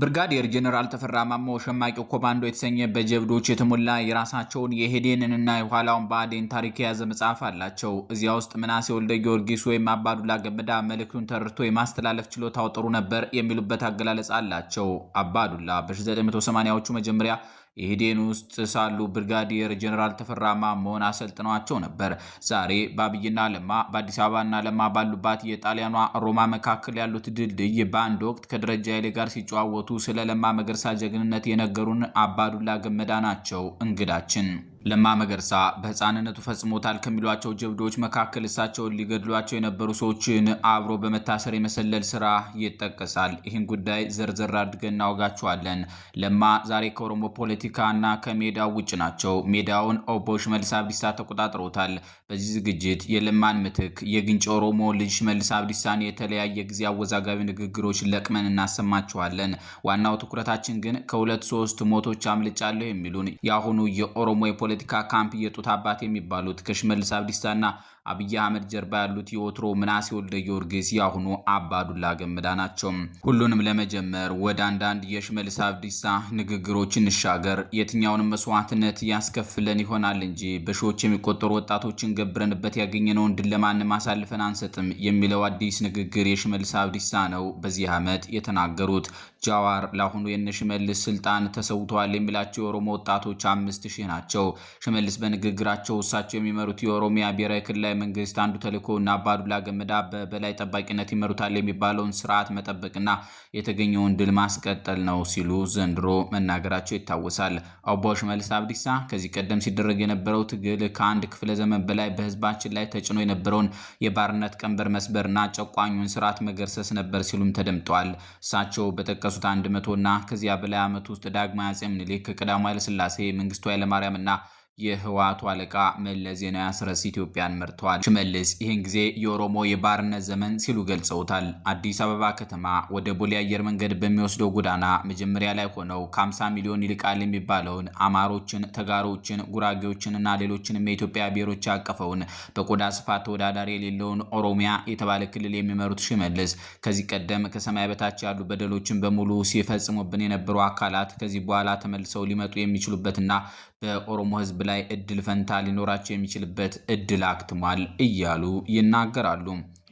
ብርጋዴር ጀኔራል ተፈራ ማሞ ሸማቂ ኮማንዶ የተሰኘ በጀብዶች የተሞላ የራሳቸውን የሄዴንንና የኋላውን ብአዴን ታሪክ የያዘ መጽሐፍ አላቸው። እዚያ ውስጥ ምናሴ ወልደ ጊዮርጊስ ወይም አባዱላ ገመዳ መልእክቱን ተርቶ የማስተላለፍ ችሎታው ጥሩ ነበር የሚሉበት አገላለጽ አላቸው። አባዱላ በ1980ዎቹ መጀመሪያ ኢህዴን ውስጥ ሳሉ ብርጋዲየር ጀኔራል ተፈራ ማሞን አሰልጥነዋቸው ነበር። ዛሬ በአብይና ለማ በአዲስ አበባና ለማ ባሉባት የጣሊያኗ ሮማ መካከል ያሉት ድልድይ በአንድ ወቅት ከደረጃ ኃይሌ ጋር ሲጨዋወቱ ስለ ለማ መገርሳ ጀግንነት የነገሩን አባዱላ ገመዳ ናቸው እንግዳችን። ለማ መገርሳ በህፃንነቱ ፈጽሞታል ከሚሏቸው ጀብዶዎች መካከል እሳቸውን ሊገድሏቸው የነበሩ ሰዎችን አብሮ በመታሰር የመሰለል ስራ ይጠቀሳል። ይህን ጉዳይ ዘርዘር አድርገን እናወጋቸዋለን። ለማ ዛሬ ከኦሮሞ ፖለቲካና ከሜዳው ውጭ ናቸው። ሜዳውን ኦቦ ሽመልስ አብዲሳ ተቆጣጥሮታል። በዚህ ዝግጅት የለማን ምትክ የግንጭ ኦሮሞ ልጅ ሽመልስ አብዲሳን የተለያየ ጊዜ አወዛጋቢ ንግግሮች ለቅመን እናሰማችኋለን። ዋናው ትኩረታችን ግን ከሁለት ሶስት ሞቶች አምልጫለሁ የሚሉን የአሁኑ የኦሮሞ የፖለቲካ ካምፕ የጡት አባት የሚባሉት ከሽመልስ አብዲሳና አብይ አህመድ ጀርባ ያሉት የወትሮ ምናሴ ወልደ ጊዮርጊስ የአሁኑ አባዱላ ገመዳ ናቸው። ሁሉንም ለመጀመር ወደ አንዳንድ የሽመልስ አብዲሳ ንግግሮች እንሻገር። የትኛውንም መስዋዕትነት ያስከፍለን ይሆናል እንጂ በሺዎች የሚቆጠሩ ወጣቶችን ገብረንበት ያገኘነውን ድል ለማንም አሳልፈን አንሰጥም የሚለው አዲስ ንግግር የሽመልስ አብዲሳ ነው በዚህ ዓመት የተናገሩት። ጃዋር ለአሁኑ የነ ሽመልስ ስልጣን ተሰውተዋል የሚላቸው የኦሮሞ ወጣቶች አምስት ሺህ ናቸው። ሽመልስ በንግግራቸው እሳቸው የሚመሩት የኦሮሚያ ብሔራዊ ክልላዊ የኢትዮጵያ መንግስት አንዱ እና አባዱላ ገመዳ በበላይ ጠባቂነት ይመሩታል የሚባለውን ስርዓት መጠበቅና የተገኘውን ድል ማስቀጠል ነው ሲሉ ዘንድሮ መናገራቸው ይታወሳል። አቦሽ መልስ አብዲሳ ከዚህ ቀደም ሲደረግ የነበረው ትግል ከአንድ ክፍለ ዘመን በላይ በህዝባችን ላይ ተጭኖ የነበረውን የባርነት ቀንበር መስበርና ጨቋኙን ስርዓት መገርሰስ ነበር ሲሉም ተደምጠዋል። እሳቸው በጠቀሱት አንድ መቶና ከዚያ በላይ ዓመት ውስጥ ዳግማዊ አጼ ምኒልክ፣ ቀዳማዊ ሥላሴ መንግስቱ እና የህወሓቱ አለቃ መለስ ዜናዊ አስረስ ኢትዮጵያን መርተዋል። ሽመልስ ይህን ጊዜ የኦሮሞ የባርነት ዘመን ሲሉ ገልጸውታል። አዲስ አበባ ከተማ ወደ ቦሌ አየር መንገድ በሚወስደው ጎዳና መጀመሪያ ላይ ሆነው ከ50 ሚሊዮን ይልቃል የሚባለውን አማሮችን፣ ተጋሮችን፣ ጉራጌዎችንና ሌሎችንም የኢትዮጵያ ብሔሮች ያቀፈውን በቆዳ ስፋት ተወዳዳሪ የሌለውን ኦሮሚያ የተባለ ክልል የሚመሩት ሽመልስ ከዚህ ቀደም ከሰማይ በታች ያሉ በደሎችን በሙሉ ሲፈጽሙብን የነበሩ አካላት ከዚህ በኋላ ተመልሰው ሊመጡ የሚችሉበትና በኦሮሞ ህዝብ ላይ እድል ፈንታ ሊኖራቸው የሚችልበት እድል አክትሟል እያሉ ይናገራሉ።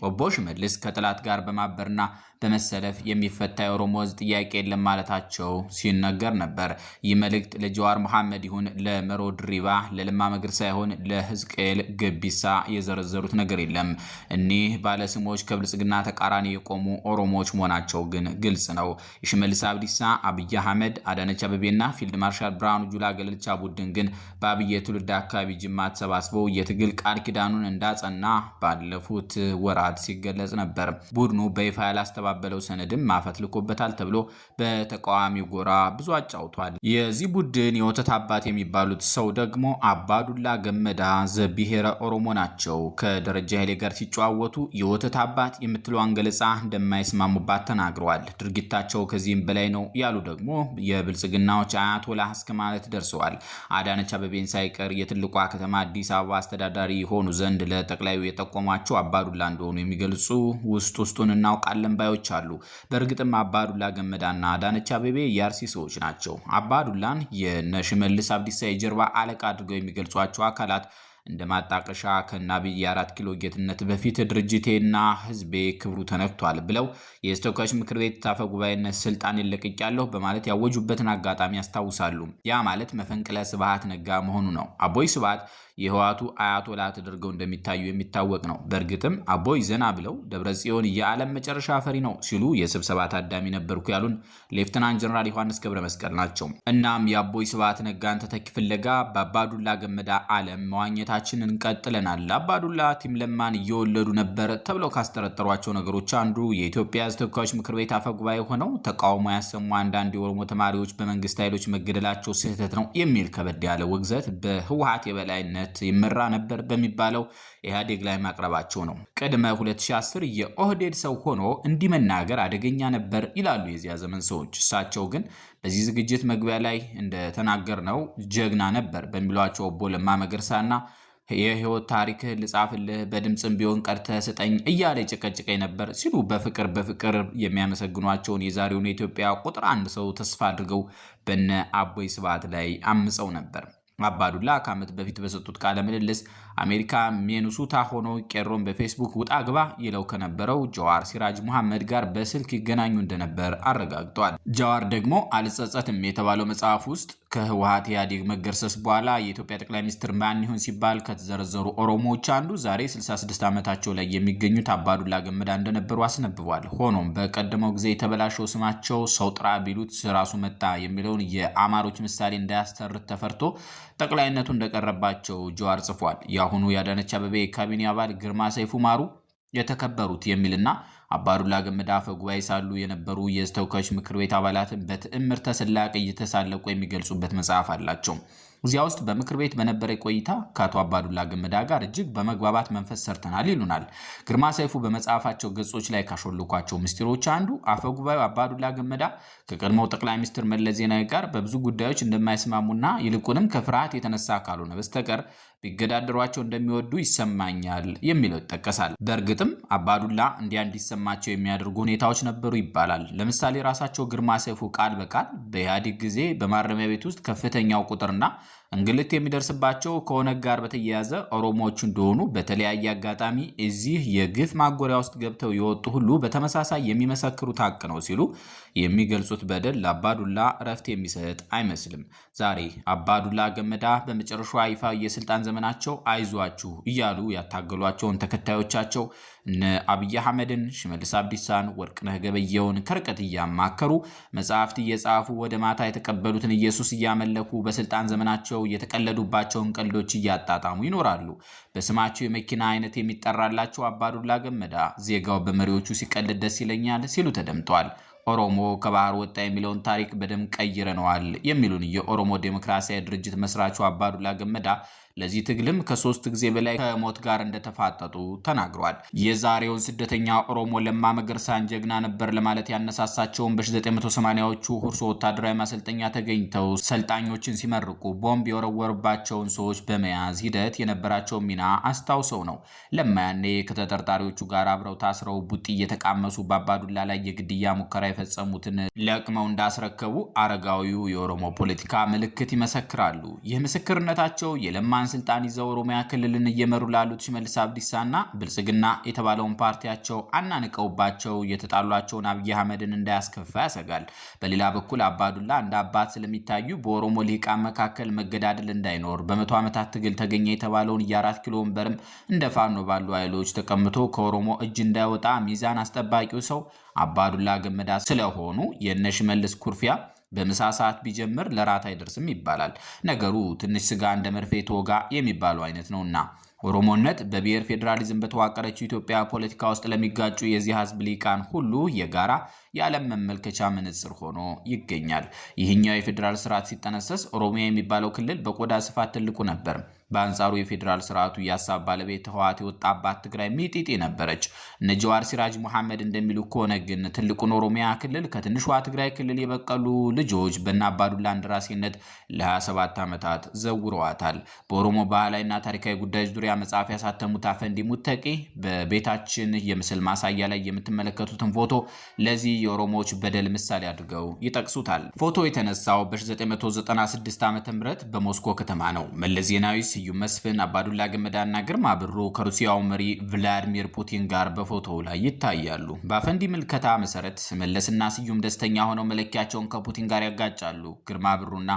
ወቦ ሽመልስ ከጠላት ጋር በማበርና በመሰለፍ የሚፈታ የኦሮሞ ጥያቄ የለም ማለታቸው ሲነገር ነበር። ይህ መልእክት ለጀዋር መሐመድ ይሁን ለመሮ ድሪባ፣ ለልማ መግር ሳይሆን ለህዝቅኤል ገቢሳ የዘረዘሩት ነገር የለም። እኒህ ባለስሞች ከብልጽግና ተቃራኒ የቆሙ ኦሮሞዎች መሆናቸው ግን ግልጽ ነው። የሽመልስ አብዲሳ፣ አብይ አህመድ፣ አዳነች አበቤና ፊልድ ማርሻል ብርሃኑ ጁላ ገለልቻ ቡድን ግን በአብይ የትውልድ አካባቢ ጅማ ተሰባስበው የትግል ቃል ኪዳኑን እንዳጸና ባለፉት ወራት በስፋት ሲገለጽ ነበር። ቡድኑ በይፋ ያላስተባበለው ሰነድም ማፈት ልኮበታል ተብሎ በተቃዋሚ ጎራ ብዙ አጫውቷል። የዚህ ቡድን የወተት አባት የሚባሉት ሰው ደግሞ አባዱላ ገመዳ ዘብሔረ ኦሮሞ ናቸው። ከደረጃ ኃይሌ ጋር ሲጨዋወቱ የወተት አባት የምትለዋን ገለጻ እንደማይስማሙባት ተናግረዋል። ድርጊታቸው ከዚህም በላይ ነው ያሉ ደግሞ የብልጽግናዎች አያቶላ እስከ ማለት ደርሰዋል። አዳነች አበቤን ሳይቀር የትልቋ ከተማ አዲስ አበባ አስተዳዳሪ የሆኑ ዘንድ ለጠቅላዩ የጠቆሟቸው አባዱላ እንደሆኑ መሆኑን የሚገልጹ ውስጥ ውስጡን እናውቃለን ባዮች አሉ። በእርግጥም አባዱላ ገመዳና አዳነች አቤቤ የአርሲ ሰዎች ናቸው። አባዱላን የነሽመልስ አብዲሳ የጀርባ አለቃ አድርገው የሚገልጿቸው አካላት እንደ ማጣቀሻ ከነ የአራት ኪሎ ጌትነት በፊት ድርጅቴና ሕዝቤ ክብሩ ተነክቷል ብለው የስተወካዮች ምክር ቤት አፈ ጉባኤነት ስልጣን ለቅቄያለሁ በማለት ያወጁበትን አጋጣሚ ያስታውሳሉ። ያ ማለት መፈንቅለ ስብሃት ነጋ መሆኑ ነው። አቦይ ስብሃት የህዋቱ አያቶላ ተደርገው እንደሚታዩ የሚታወቅ ነው። በእርግጥም አቦይ ዘና ብለው ደብረ ጽዮን የዓለም መጨረሻ ፈሪ ነው ሲሉ የስብሰባ ታዳሚ ነበርኩ ያሉን ሌፍትናንት ጀነራል ዮሐንስ ገብረ መስቀል ናቸው። እናም የአቦይ ስብሃት ነጋን ተተኪ ፍለጋ በአባዱላ ገመዳ ዓለም መዋኘታችን እንቀጥለናል። አባዱላ ቲም ለማን እየወለዱ ነበር ተብለው ካስጠረጠሯቸው ነገሮች አንዱ የኢትዮጵያ ተወካዮች ምክር ቤት አፈ ጉባኤ ሆነው ተቃውሞ ያሰሙ አንዳንድ የኦሮሞ ተማሪዎች በመንግስት ኃይሎች መገደላቸው ስህተት ነው የሚል ከበድ ያለ ውግዘት በህወሀት የበላይነት በበላይነት ይመራ ነበር በሚባለው ኢህአዴግ ላይ ማቅረባቸው ነው። ቅድመ 2010 የኦህዴድ ሰው ሆኖ እንዲህ መናገር አደገኛ ነበር ይላሉ የዚያ ዘመን ሰዎች። እሳቸው ግን በዚህ ዝግጅት መግቢያ ላይ እንደተናገር ነው ጀግና ነበር በሚሏቸው ኦቦ ለማ መገርሳና የህይወት ታሪክ ልጻፍልህ በድምፅም ቢሆን ቀርተ ስጠኝ እያለ ጭቀጭቀኝ ነበር ሲሉ በፍቅር በፍቅር የሚያመሰግኗቸውን የዛሬውን የኢትዮጵያ ቁጥር አንድ ሰው ተስፋ አድርገው በነ አቦይ ስብዓት ላይ አምፀው ነበር። አባዱላ ከዓመት በፊት በሰጡት ቃለ ምልልስ አሜሪካ ሜኑሱታ ሆኖ ቄሮን በፌስቡክ ውጣ ግባ ይለው ከነበረው ጀዋር ሲራጅ መሐመድ ጋር በስልክ ይገናኙ እንደነበር አረጋግጧል። ጀዋር ደግሞ አልጸጸትም የተባለው መጽሐፍ ውስጥ ከህወሀት ኢህአዴግ መገርሰስ በኋላ የኢትዮጵያ ጠቅላይ ሚኒስትር ማን ይሆን ሲባል ከተዘረዘሩ ኦሮሞዎች አንዱ ዛሬ 66 ዓመታቸው ላይ የሚገኙት አባዱላ ገመዳ እንደነበሩ አስነብቧል። ሆኖም በቀደመው ጊዜ የተበላሸው ስማቸው ሰው ጥራ ቢሉት ራሱ መጣ የሚለውን የአማሮች ምሳሌ እንዳያስተርት ተፈርቶ ጠቅላይነቱ እንደቀረባቸው ጀዋር ጽፏል። የአሁኑ የአዳነች አበቤ የካቢኔ አባል ግርማ ሰይፉ ማሩ የተከበሩት የሚልና አባዱላ ገመዳ አፈ ጉባኤ ሳሉ የነበሩ የተወካዮች ምክር ቤት አባላትን በትዕምርተ ስላቅ እየተሳለቁ የሚገልጹበት መጽሐፍ አላቸው። እዚያ ውስጥ በምክር ቤት በነበረ ቆይታ ከአቶ አባዱላ ገመዳ ጋር እጅግ በመግባባት መንፈስ ሰርተናል ይሉናል። ግርማ ሰይፉ በመጽሐፋቸው ገጾች ላይ ካሾልኳቸው ምስጢሮች አንዱ አፈ ጉባኤው አባዱላ ገመዳ ከቀድሞው ጠቅላይ ሚኒስትር መለስ ዜናዊ ጋር በብዙ ጉዳዮች እንደማይስማሙና ይልቁንም ከፍርሃት የተነሳ ካልሆነ በስተቀር ቢገዳደሯቸው እንደሚወዱ ይሰማኛል የሚለው ይጠቀሳል። በእርግጥም አባዱላ እንዲያ እንዲሰማቸው የሚያደርጉ ሁኔታዎች ነበሩ ይባላል። ለምሳሌ ራሳቸው ግርማ ሰይፉ ቃል በቃል በኢህአዴግ ጊዜ በማረሚያ ቤት ውስጥ ከፍተኛው ቁጥርና እንግልት የሚደርስባቸው ከኦነግ ጋር በተያያዘ ኦሮሞዎች እንደሆኑ በተለያየ አጋጣሚ እዚህ የግፍ ማጎሪያ ውስጥ ገብተው የወጡ ሁሉ በተመሳሳይ የሚመሰክሩት ሀቅ ነው ሲሉ የሚገልጹት በደል ለአባዱላ እረፍት የሚሰጥ አይመስልም። ዛሬ አባዱላ ገመዳ በመጨረሻ ይፋ የስልጣን ዘመናቸው አይዟችሁ እያሉ ያታገሏቸውን ተከታዮቻቸው እነ አብይ አህመድን፣ ሽመልስ አብዲሳን፣ ወርቅነህ ገበየውን ከርቀት እያማከሩ መጽሐፍት እየጻፉ ወደ ማታ የተቀበሉትን ኢየሱስ እያመለኩ በስልጣን ዘመናቸው ስማቸው የተቀለዱባቸውን ቀልዶች እያጣጣሙ ይኖራሉ። በስማቸው የመኪና አይነት የሚጠራላቸው አባዱላ ገመዳ ዜጋው በመሪዎቹ ሲቀልድ ደስ ይለኛል ሲሉ ተደምጧል። ኦሮሞ ከባህር ወጣ የሚለውን ታሪክ በደም ቀይረነዋል የሚሉን የኦሮሞ ዴሞክራሲያዊ ድርጅት መስራቹ አባዱላ ገመዳ ለዚህ ትግልም ከሶስት ጊዜ በላይ ከሞት ጋር እንደተፋጠጡ ተናግሯል። የዛሬውን ስደተኛ ኦሮሞ ለማ መገርሳን ጀግና ነበር ለማለት ያነሳሳቸውን በ1980ዎቹ ሁርሶ ወታደራዊ ማሰልጠኛ ተገኝተው ሰልጣኞችን ሲመርቁ ቦምብ የወረወሩባቸውን ሰዎች በመያዝ ሂደት የነበራቸው ሚና አስታውሰው ነው። ለማ ያኔ ከተጠርጣሪዎቹ ጋር አብረው ታስረው ቡጢ እየተቃመሱ በአባዱላ ላይ የግድያ ሙከራ የፈጸሙትን ለቅመው እንዳስረከቡ አረጋዊው የኦሮሞ ፖለቲካ ምልክት ይመሰክራሉ። ይህ ምስክርነታቸው የለማን የኤርትራን ስልጣን ይዘው ኦሮሚያ ክልልን እየመሩ ላሉት ሽመልስ አብዲሳና ብልጽግና የተባለውን ፓርቲያቸው አናንቀውባቸው የተጣሏቸውን አብይ አህመድን እንዳያስከፋ ያሰጋል። በሌላ በኩል አባዱላ እንደ አባት ስለሚታዩ በኦሮሞ ልሂቃን መካከል መገዳደል እንዳይኖር በመቶ ዓመታት ትግል ተገኘ የተባለውን የአራት ኪሎ ወንበርም እንደ ፋኖ ባሉ ኃይሎች ተቀምቶ ከኦሮሞ እጅ እንዳይወጣ ሚዛን አስጠባቂው ሰው አባዱላ ገመዳ ስለሆኑ የእነ ሽመልስ ኩርፊያ በምሳ ሰዓት ቢጀምር ለራት አይደርስም ይባላል። ነገሩ ትንሽ ስጋ እንደ መርፌ ተወጋ የሚባለው አይነት ነውና ኦሮሞነት በብሔር ፌዴራሊዝም በተዋቀረችው ኢትዮጵያ ፖለቲካ ውስጥ ለሚጋጩ የዚህ ህዝብ ሊቃን ሁሉ የጋራ የዓለም መመልከቻ መነጽር ሆኖ ይገኛል። ይህኛው የፌዴራል ስርዓት ሲጠነሰስ ኦሮሚያ የሚባለው ክልል በቆዳ ስፋት ትልቁ ነበር። በአንጻሩ የፌዴራል ስርዓቱ እያሳብ ባለቤት ህወሓት የወጣባት ትግራይ ሚጢጢ ነበረች። እነ ጀዋር ሲራጅ መሐመድ እንደሚሉ ከሆነ ግን ትልቁን ኦሮሚያ ክልል ከትንሿ ትግራይ ክልል የበቀሉ ልጆች በእነ አባዱላ እንደራሴነት ለ27 ዓመታት ዘውረዋታል። በኦሮሞ ባህላዊና ታሪካዊ ጉዳዮች ዙሪያ መጽሐፍ ያሳተሙት አፈንዲ ሙተቂ በቤታችን የምስል ማሳያ ላይ የምትመለከቱትን ፎቶ ለዚህ የኦሮሞዎች በደል ምሳሌ አድርገው ይጠቅሱታል። ፎቶ የተነሳው በ1996 ዓ ም በሞስኮ ከተማ ነው። መለስ ዜናዊ ስዩም መስፍን፣ አባዱላ ገመዳና ግርማ ብሩ ከሩሲያው መሪ ቭላድሚር ፑቲን ጋር በፎቶው ላይ ይታያሉ። በአፈንዲ ምልከታ መሰረት መለስና ስዩም ደስተኛ ሆነው መለኪያቸውን ከፑቲን ጋር ያጋጫሉ። ግርማ ብሩና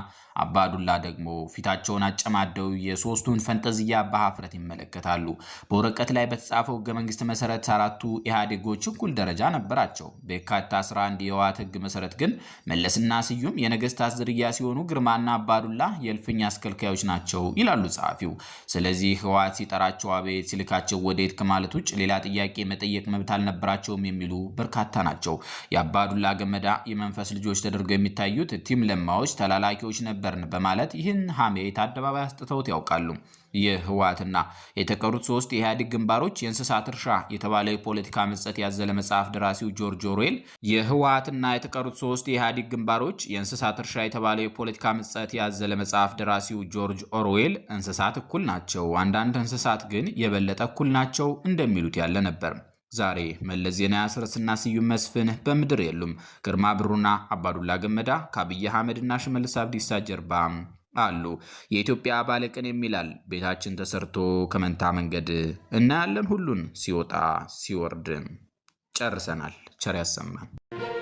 አባዱላ ደግሞ ፊታቸውን አጨማደው የሶስቱን ፈንጠዝያ በሀፍረት ይመለከታሉ። በወረቀት ላይ በተጻፈው ህገ መንግስት መሰረት አራቱ ኢህአዴጎች እኩል ደረጃ ነበራቸው። በካታ 11 የህወሓት ህግ መሰረት ግን መለስና ስዩም የነገስታት ዝርያ ሲሆኑ ግርማና አባዱላ የእልፍኝ አስከልካዮች ናቸው ይላሉ ጸሐፊው። ስለዚህ ህወሓት ሲጠራቸው አቤት ሲልካቸው ወዴት ከማለት ውጭ ሌላ ጥያቄ መጠየቅ መብት አልነበራቸውም የሚሉ በርካታ ናቸው። የአባዱላ ገመዳ የመንፈስ ልጆች ተደርገው የሚታዩት ቲም ለማዎች ተላላኪዎች ነበ ነበርን በማለት ይህን ሐሜት አደባባይ አስጥተውት ያውቃሉ። የህወሓትና የተቀሩት ሶስት የኢህአዴግ ግንባሮች የእንስሳት እርሻ የተባለ የፖለቲካ ምጸት ያዘለ መጽሐፍ ደራሲው ጆርጅ ኦርዌል የህወሓትና የተቀሩት ሶስት የኢህአዴግ ግንባሮች የእንስሳት እርሻ የተባለ የፖለቲካ ምጸት ያዘለ መጽሐፍ ደራሲው ጆርጅ ኦርዌል እንስሳት እኩል ናቸው፣ አንዳንድ እንስሳት ግን የበለጠ እኩል ናቸው እንደሚሉት ያለ ነበር። ዛሬ መለስ ዜናዊ አስረስና ስዩም መስፍን በምድር የሉም። ግርማ ብሩና አባዱላ ገመዳ ከአብይ አህመድና ሽመልስ አብዲሳ ጀርባ አሉ። የኢትዮጵያ ባለቅን የሚላል ቤታችን ተሰርቶ ከመንታ መንገድ እናያለን ሁሉን ሲወጣ ሲወርድ። ጨርሰናል። ቸር ያሰማን።